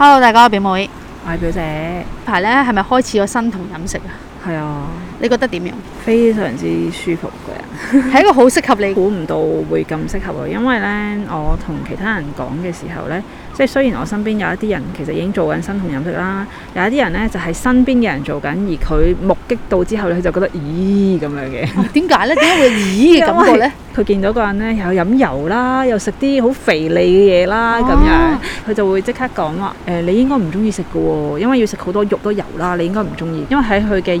Hello，大家，表妹，我係表姐。呢排咧係咪開始咗生酮飲食啊？係啊，你覺得點樣？非常之舒服嘅人，係 一個好適合你。估唔到會咁適合我，因為呢，我同其他人講嘅時候呢，即係雖然我身邊有一啲人其實已經做緊生酮飲食啦，有一啲人呢就係、是、身邊嘅人做緊，而佢目擊到之後呢，佢就覺得咦咁樣嘅、哦。點解呢？點解 會咦嘅感覺呢？佢見到個人呢，又飲油啦，又食啲好肥膩嘅嘢啦，咁、啊、樣佢就會即刻講話誒，你應該唔中意食嘅喎，因為要食好多肉都油啦，你應該唔中意。因為喺佢嘅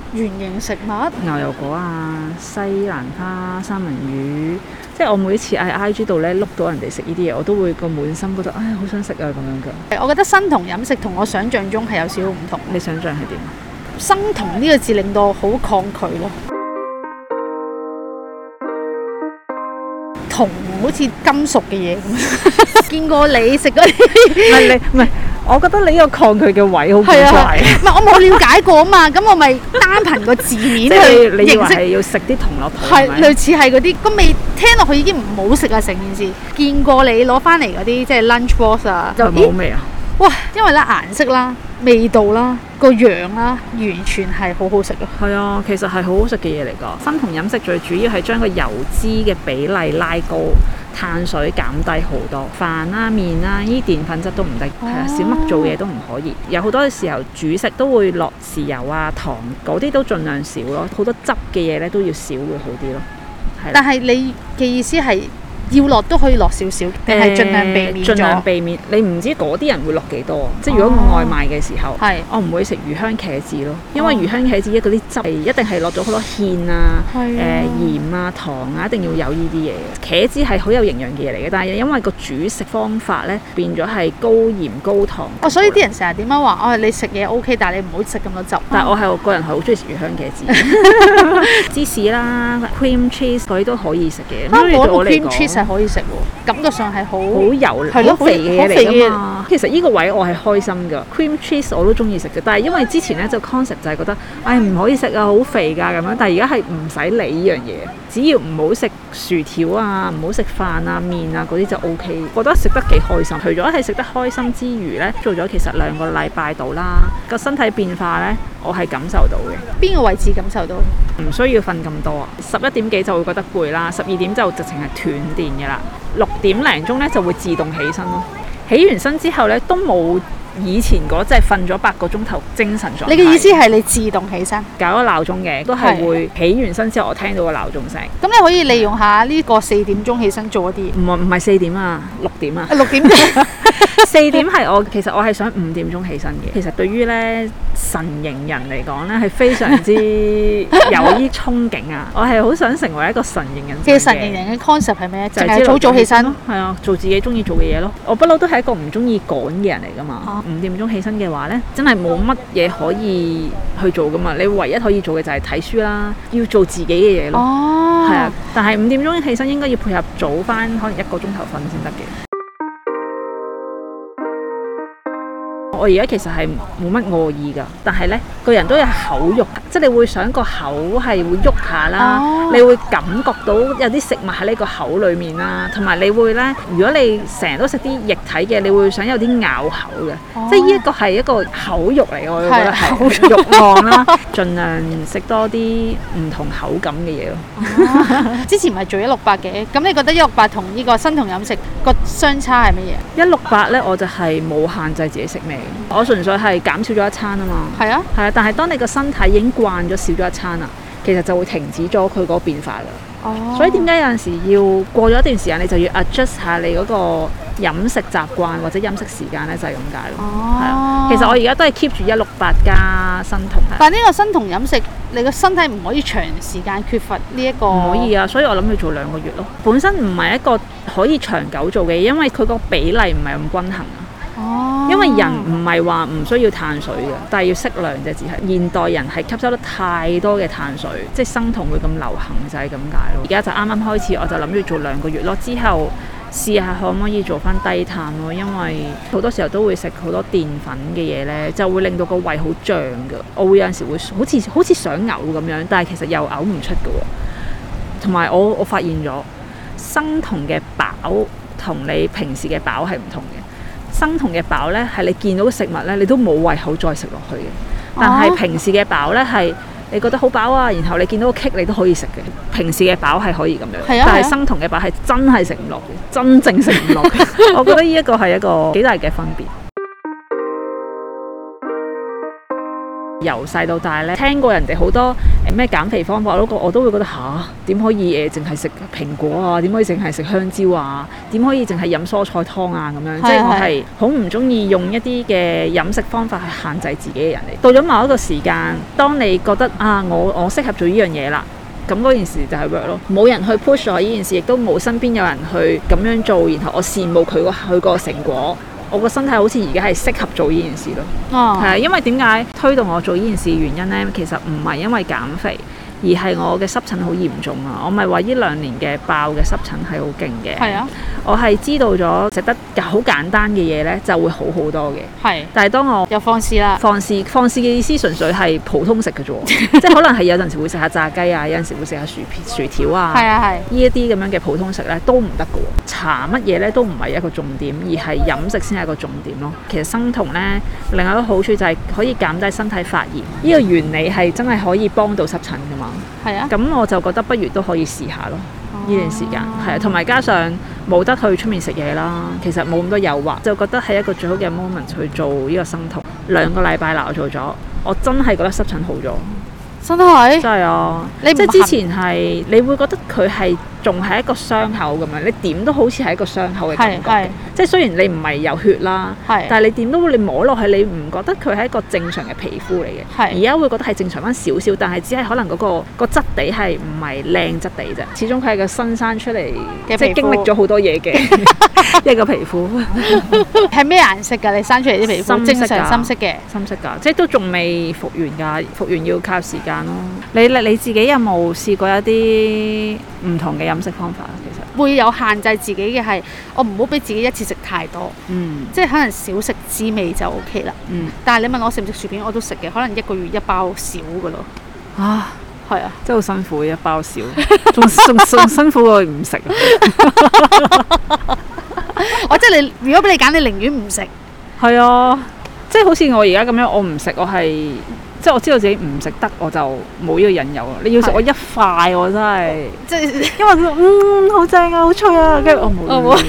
圓形食物，牛油果啊，西蘭花、三文魚，即、就、係、是、我每次喺 IG 度咧，碌 到人哋食呢啲嘢，我都會個滿心覺得唉、哎，好想食啊咁樣嘅。我覺得生酮飲食同我想象中係有少少唔同。你想象係點？生酮呢個字令到我好抗拒咯，酮好似金屬嘅嘢咁。 見過你食嗰啲唔係？我覺得你依個抗拒嘅位好古怪，啊。唔係、嗯，我冇了解過啊嘛，咁 我咪單憑個字面去認識，你以為要食啲銅鑼牌。係是類似係嗰啲，咁未聽落去已經唔好食啊！成件事見過你攞翻嚟嗰啲，即係 lunch box 啊，就冇味啊！哇，因為咧顏色啦、味道啦、個樣啦，完全係好好食咯。係啊，其實係好好食嘅嘢嚟㗎。生酮飲食最主要係將個油脂嘅比例拉高。碳水減低好多，飯啦、啊、麵啦、啊，呢啲澱粉質都唔得，係、哦、啊，小麥做嘢都唔可以。有好多時候煮食都會落豉油啊、糖嗰啲都盡量少咯，好多汁嘅嘢咧都要少會好啲咯。但係你嘅意思係？要落都可以落少少，誒，儘量避免。儘量避免。你唔知嗰啲人會落幾多，啊、即係如果我外賣嘅時候，係是我唔會食魚香茄子咯，因為魚香茄子嗰啲汁係一定係落咗好多芡啊，誒、啊呃、鹽啊、糖啊，一定要有呢啲嘢。茄子係好有營養嘅嘢嚟嘅，但係因為個煮食方法咧變咗係高鹽高糖高。哦，所以啲人成日點樣話，哦，你食嘢 OK，但係你唔好食咁多汁。哦、但係我係個人係好中意食魚香茄子， 芝士啦、cream cheese 嗰啲都可以食嘅。可以食，感覺上係好好油膩好肥嘅嚟噶嘛。其實呢個位我係開心噶，cream cheese 我都中意食嘅。但係因為之前咧就 concept 就係覺得，唉、哎，唔可以食啊，好肥㗎咁樣。但係而家係唔使理呢樣嘢。只要唔好食薯條啊，唔好食飯啊、麵啊嗰啲就 OK，覺得食得幾開心。除咗係食得開心之餘呢，做咗其實兩個禮拜到啦，個身體變化呢，我係感受到嘅。邊個位置感受到？唔需要瞓咁多啊，十一點幾就會覺得攰啦，十二點就直情係斷電嘅啦，六點零鐘呢就會自動起身咯。起完身之後呢，都冇。以前嗰即係瞓咗八個鐘頭，精神狀態。你嘅意思係你自動起身，搞咗鬧鐘嘅？都係會起完身之後我聽到個鬧鐘聲。咁你可以利用下呢個四點鐘起身做一啲，唔唔係四點啊，六點啊，六點。四 點係我其實我係想五點鐘起身嘅。其實對於咧神形人嚟講咧係非常之有啲憧憬啊！我係好想成為一個神形人嘅。叫神形人嘅 concept 係咩？就係早早起身，係啊，做自己中意做嘅嘢咯。我不嬲都係一個唔中意趕嘅人嚟㗎嘛。啊五點鐘起身嘅話呢，真係冇乜嘢可以去做㗎嘛。你唯一可以做嘅就係睇書啦，要做自己嘅嘢咯。係啊、oh，但係五點鐘起身應該要配合早翻，可能一個鐘頭瞓先得嘅。我而家其實係冇乜餓意㗎，但係呢個人都有口欲，即係你會想個口係會喐下啦，你會感覺到有啲食物喺你個口裏面啦，同埋你會呢，如果你成日都食啲液體嘅，你會想有啲咬口嘅，即係呢一個係一個口欲嚟，我覺得係口欲望啦，盡量食多啲唔同口感嘅嘢咯。之前咪做一六八嘅，咁你覺得一六八同呢個生酮飲食個相差係乜嘢？一六八呢，我就係冇限制自己食咩。我純粹係減少咗一餐啊嘛，係啊，係啊，但係當你個身體已經慣咗少咗一餐啊，其實就會停止咗佢嗰個變化啦。哦，oh. 所以點解有陣時要過咗一段時間，你就要 adjust 下你嗰個飲食習慣或者飲食時間咧，就係咁解咯。哦、oh.，其實我而家都係 keep 住一六八加生酮係。但呢個生酮飲食，你個身體唔可以長時間缺乏呢、這、一個。唔可以啊，所以我諗佢做兩個月咯。本身唔係一個可以長久做嘅，因為佢個比例唔係咁均衡啊。哦。Oh. 因為人唔係話唔需要碳水嘅，但係要適量，就只係現代人係吸收得太多嘅碳水，即係生酮會咁流行就係咁解咯。而家就啱啱開始，我就諗住做兩個月咯，之後試下可唔可以做翻低碳咯。因為好多時候都會食好多澱粉嘅嘢呢，就會令到個胃好脹噶。我會有陣時會好似好似想嘔咁樣，但係其實又嘔唔出噶。同埋我我發現咗生酮嘅飽同你平時嘅飽係唔同嘅。生酮嘅飽呢，係你見到食物呢，你都冇胃口再食落去嘅。但係平時嘅飽呢，係你覺得好飽啊，然後你見到個棘你都可以食嘅。平時嘅飽係可以咁樣，啊、但係生酮嘅飽係真係食唔落嘅，啊、真正食唔落嘅。 我覺得呢一個係一個幾大嘅分別。由細到大咧，聽過人哋好多誒咩減肥方法，我都覺我都會覺得吓，點可以誒淨係食蘋果啊？點可以淨係食香蕉啊？點可以淨係飲蔬菜湯啊？咁樣，即係我係好唔中意用一啲嘅飲食方法去限制自己嘅人嚟。是是是到咗某一個時間，當你覺得啊，我我適合做呢樣嘢啦，咁嗰件事就係 work 咯。冇人去 push 我呢件事，亦都冇身邊有人去咁樣做，然後我羨慕佢個佢個成果。我個身體好似而家係適合做呢件事咯，係啊、哦，因為點解推動我做呢件事原因呢？其實唔係因為減肥，而係我嘅濕疹好嚴重啊！我咪話呢兩年嘅爆嘅濕疹係好勁嘅，係啊，我係知道咗食得好簡單嘅嘢呢就會好好多嘅，係、嗯。但係當我又放肆啦，放肆放肆嘅意思純粹係普通食嘅啫， 即係可能係有陣時會食下炸雞啊，有陣時會食下薯薯條啊，係啊係，呢一啲咁樣嘅普通食呢都唔得嘅喎。行乜嘢咧都唔係一個重點，而係飲食先係一個重點咯。其實生酮呢，另外一個好處就係可以減低身體發炎，呢、這個原理係真係可以幫到濕疹噶嘛。係啊。咁 我就覺得不如都可以試下咯。呢 段時間係啊，同埋加上冇得去出面食嘢啦，其實冇咁多誘惑，就覺得係一個最好嘅 moment 去做呢個生酮。兩個禮拜啦我做咗，我真係覺得濕疹好咗。身體真係的啊，即係之前係你會覺得佢係。仲係一個傷口咁樣，你點都好似係一個傷口嘅感覺。即係雖然你唔係有血啦，是但係你點都會你摸落去，你唔覺得佢係一個正常嘅皮膚嚟嘅？係是。而家會覺得係正常翻少少，但係只係可能嗰個、嗰個質地係唔係靚質地啫。始終佢係個新生出嚟膚即係經歷咗好多嘢嘅一個皮膚。係咩顏色㗎？你生出嚟啲皮膚？深色㗎，深色嘅。深色㗎，即係都仲未復原㗎，復原要靠時間咯。你你你自己有冇試過一啲唔同嘅？嗯飲食方法其實會有限制自己嘅係，我唔好俾自己一次食太多。嗯，即係可能少食滋味就 OK 啦。嗯，但係你問我食唔食薯片，我都食嘅。可能一個月一包少㗎咯。啊，係啊，真係好辛苦，一包少，仲仲 辛苦過唔食。我即係你，如果俾你揀，你寧願唔食。係 啊，即係好似我而家咁樣，我唔食，我係。即係我知道自己唔食得，我就冇呢個引誘。你要食我一塊，我真係即係，因為佢嗯好正啊，好脆啊，跟住我冇。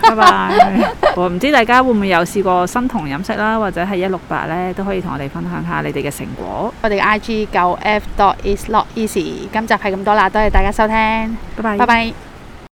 拜拜！我唔知大家會唔會有試過生酮飲食啦，或者係一六八咧，都可以同我哋分享下你哋嘅成果。我哋嘅 IG 九 F dot is not easy。今集係咁多啦，多謝大家收聽。拜拜。